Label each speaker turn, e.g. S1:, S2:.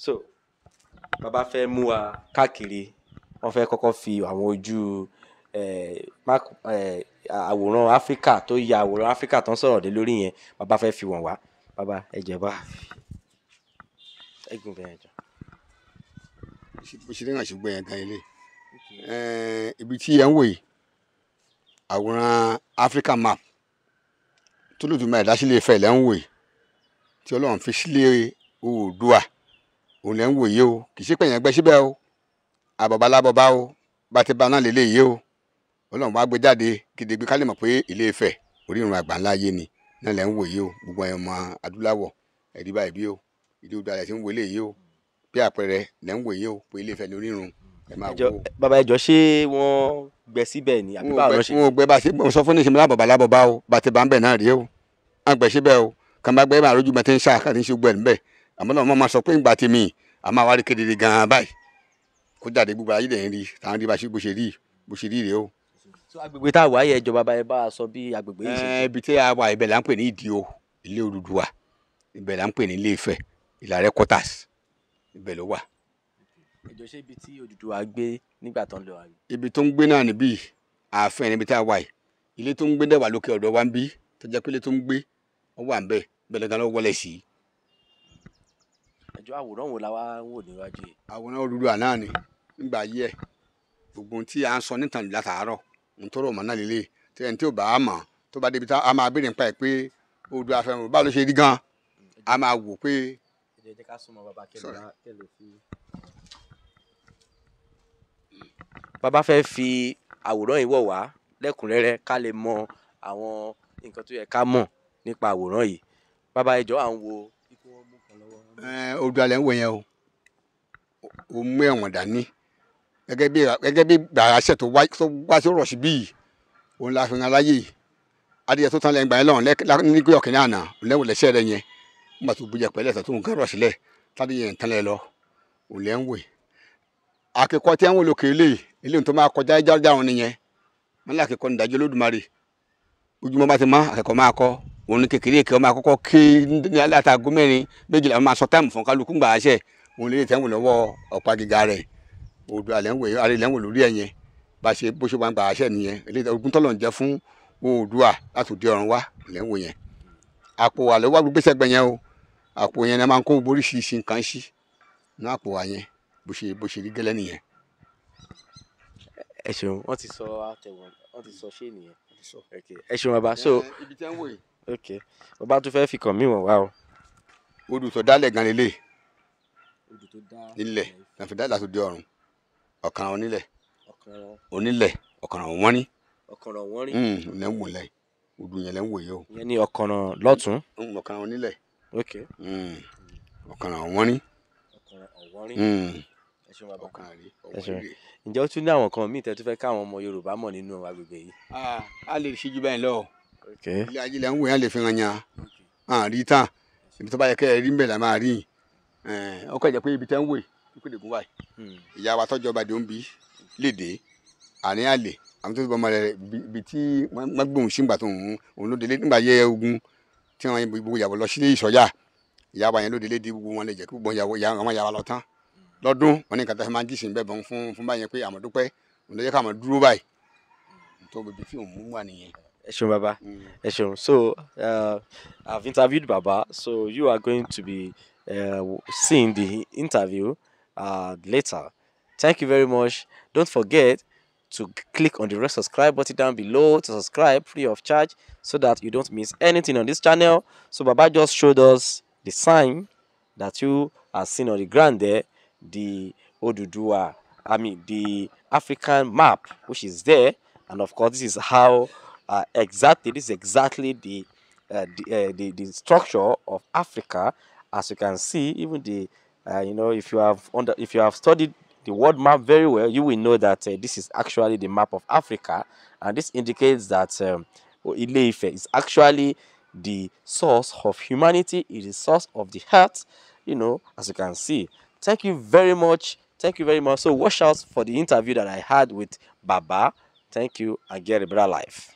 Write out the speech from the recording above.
S1: so bàbá fẹ́ mú wa káàkiri wọ́n fẹ́ kọ́kọ́ fi àwọn ojú àwòrán áfíríkà tó ya àwòrán áfíríkà tó ń sọ̀rọ̀ dé lórí yẹn bàbá fẹ́ fi wọ̀n wá bàbá ẹ jẹ́ bá
S2: ẹgùn bẹ́ẹ̀ jọ. bó ṣe léyìn yẹn gan ilé ibi tí ẹ ń wò yìí àwòrán áfíríkà map tó lòdùmarè dá sílé Ifẹ̀ lẹ́ ń wò yìí tí Ọlọ́run fi sílé Oòduà òun lẹ́ ń wòye o kì í ṣe pé èèyàn gbẹ síbẹ̀ o àbọ̀bá lábọ̀bá o bá ti ba náà lélẹ́yìí o ọlọ́run wá gbé jáde gidigbe ká lè mọ̀ pé ilé Ifẹ̀ orírun àgbà ńlá yé ni náà lẹ́ ń wòye o gbogbo ẹ̀yàn ọmọ adúláwọ̀ ẹ̀rí báyìí bí o ìdí odò àlẹ́ ti ń wọlé yìí o bí àpẹẹrẹ lẹ́ ń wòye o pé ilé Ifẹ̀ ni orírun ẹ máa wò ó. bàbá ẹjọ ṣe wọn gbẹ síbẹ̀ ni àbí báwo ló ṣe. wọn ò gbẹ bá ṣe sọ o bá ti bá ń bẹ̀ náà rí o àgbẹ̀ o kàn bá gbẹ́ bá àrójú mẹ́tẹ́ ń ṣáà káàdì àmọ́ náà wọ́n máa sọ pé ìgbà tèmi a máa wá rí kedere gan-an báyìí kó jáde gbogbo ayé dẹ̀ ń rí táwọn rí bó ṣe rí bó ṣe rí rèé o. so agbègbè tá a wà yẹ ìjọba báyìí bá a sọ bí agbègbè yìí ṣe. ibi tí a wà ibẹ̀ là ń pè ní ìdíò ilé Odùduwà ibẹ̀ là ń pè ní ilé Ifẹ̀ Ìlàrẹ́ quarters ibẹ̀ ló wà.
S1: ìjọ ṣe ibi tí Odùduwà gbé nígbà tó ń lọ àyè.
S2: ibi tó ń gbé náà níbí ààfin níbi tá a wà yìí ilé tó ń gbé dẹ̀ wà lókè ọ̀dọ̀ wa ń bí tó jẹ́ pé ilé tó ń gbé ó wà ń bẹ̀ bẹ́ẹ̀ lọ́gán lọ́wọ́ sí i ẹjọ́ àwòrán wo la wá ń wò níwájú yìí. àwòrán Odùduwà náà ni nígbà yí ẹ gbogbo tí a ń sọ nítan ìlà tààrọ ń tọrọ ọmọ náà lélẹ tí ẹni tí ò bá a mọ tó bá débi tá a máa béèrè nípa ẹ pé Odùduwà fẹ́ mọ̀ báwo ló ṣe rí gan a máa wò pé.
S1: ẹ jẹ́ ká súnmọ́ bàbá kẹ́lẹ́ fi. bàbá fẹ́ fi àwòrán yìí wọ̀ wá lẹ́kùnrẹ́rẹ́ ká lè mọ àwọn nǹkan tó yẹ ká
S2: mọ̀ nípa àwòrán yìí bàbá ẹjọ́ à ń wo Eh, Oòduà ń wò yẹn o ó mú ẹ̀wọ̀n dání gẹ́gẹ́ bí gẹ́gẹ́ bí gbàràṣẹ́ tó wá sí rọ̀ṣì bíi òun la fi ran aláyè adìyẹ tó tán lẹ́yìn gbà yẹn lọ́rùn nígbè ọ̀kìnrin àná lẹ́wọ̀n lẹ́sẹ̀ rẹ yẹn nígbà tó bu yẹpẹ́ lẹ́sẹ̀ tó nǹkan rọ̀ sílẹ̀ tádìyẹ yẹn tán lẹ́ lọ òun lẹ́ ń wò yìí àkẹ́kọ̀ọ́ tí wọ́n lò kéèlè eléyìí tó máa kọjá jáde àwọn nìyẹn wọn ní àkẹ́kọ̀ọ́ nídàájọ́ Olódùmarè ojúmọ́ bá ti mọ́ àkẹ́kọ̀ọ́ máa kọ́ òun ni kékeré kí ọmọ àkọ́kọ́ ké látago mẹ́rin méjìlá ọmọ asọ táìmù fún kálukú gbà á ṣe òun lè tẹ́wọ̀n lọ́wọ́ ọ̀pá gíga rẹ̀ odò àlẹ́wò àlẹ́wò lórí ẹ̀yẹn bá ṣe bó ṣe máa ń gbà á ṣe nìyẹn eléyìí ogun tọ́lọ̀ ń jẹ fún oòdùà láti òde ọ̀run wá lẹ́wò yẹn àpò àlẹ́ wá gbégbé sẹ́gbẹ̀ yẹn o àpò yẹn náà máa ń kó oríṣiríṣi nǹkan sí ní àpò wa ẹ ṣeun wọn
S1: ti sọ àtẹwọn wọn ti sọ ṣé nìyẹn ẹ ṣeun bàbá so. ibi tí wọn wò yìí
S2: ok mo bá tún fẹ́ fi kàn mí wọ̀n wá o. odù tó dálẹ̀ gan lélẹ̀ ilẹ̀ láfi dálẹ̀ àti òde ọ̀run ọ̀kan onílẹ̀ onílẹ̀ ọ̀kan wọ́n rí. ilẹ̀ hmm, ń wò lẹ̀ odù yẹn lẹ̀ ń wò yìí o. ìyẹn ni ọ̀kan lọ́tún. Hmm, ọ̀kan onílẹ̀. ok hmm, ọ̀kan ọ̀hún wọ́n ní. ọ̀kan ọ̀hún wọ́n rí
S1: ǹjẹ́ ó tún ní àwọn kan míì tẹ́ tó fẹ́ káwọn ọmọ Yorùbá mọ̀ nínú agbègbè yìí.
S2: Ah, a lè ṣíjú báyìí lọ ilé ayé la ń wòye àlè fi hàn yàn àárí tán ibi tó bá yẹ kẹ́ rí mbẹ̀ la máa rí ọkọ̀ ìjẹ́ pé ibi tẹ́ ń wòye ikú lè gún wáyé hmm. ìyá wa tọ́jọ́ bàdé ń bí léde àárín àlè àwọn tó ti bọ́ ọmọ rẹ̀ ibi tí wọ́n gbóhùn sí ìgbà tó ń òun ló délé nígbà yẹ ogun tí wọ́n gbogbo ìyàwó lọ sílé ìsọ̀yà ìyá wa yẹn ló délé di gbogbo wọn lè jẹ́ kí gbogbo àwọn ìyá wa lọ tán lọ́dún wọn ní nǹkan tó fi máa ń jísìn bẹ́ẹ̀ bọ́n fún fún báyẹn pé àmọ̀dúpẹ́ òun ló yẹ ká dúró báyìí tó bèbí fíìmù wà nìyẹn
S1: ẹ baba mm. ẹ ṣeun so uh, i've interviewed baba so you are going to be uh, seeing the interview uh, later thank you very much don't forget to click on the red subscribe button down below to subscribe free of charge so that you don't miss anything on this channel so baba just showed us the sign that you are seen on the ground there the Odudua. I mean the African map which is there and of course this is how uh, exactly this is exactly the, uh, the, uh, the, the structure of Africa. As you can see, even the uh, you know if you have under, if you have studied the world map very well, you will know that uh, this is actually the map of Africa, and this indicates that um, is actually the source of humanity. It is the source of the heart. You know, as you can see. Thank you very much. Thank you very much. So watch out for the interview that I had with Baba. Thank you and get a better life.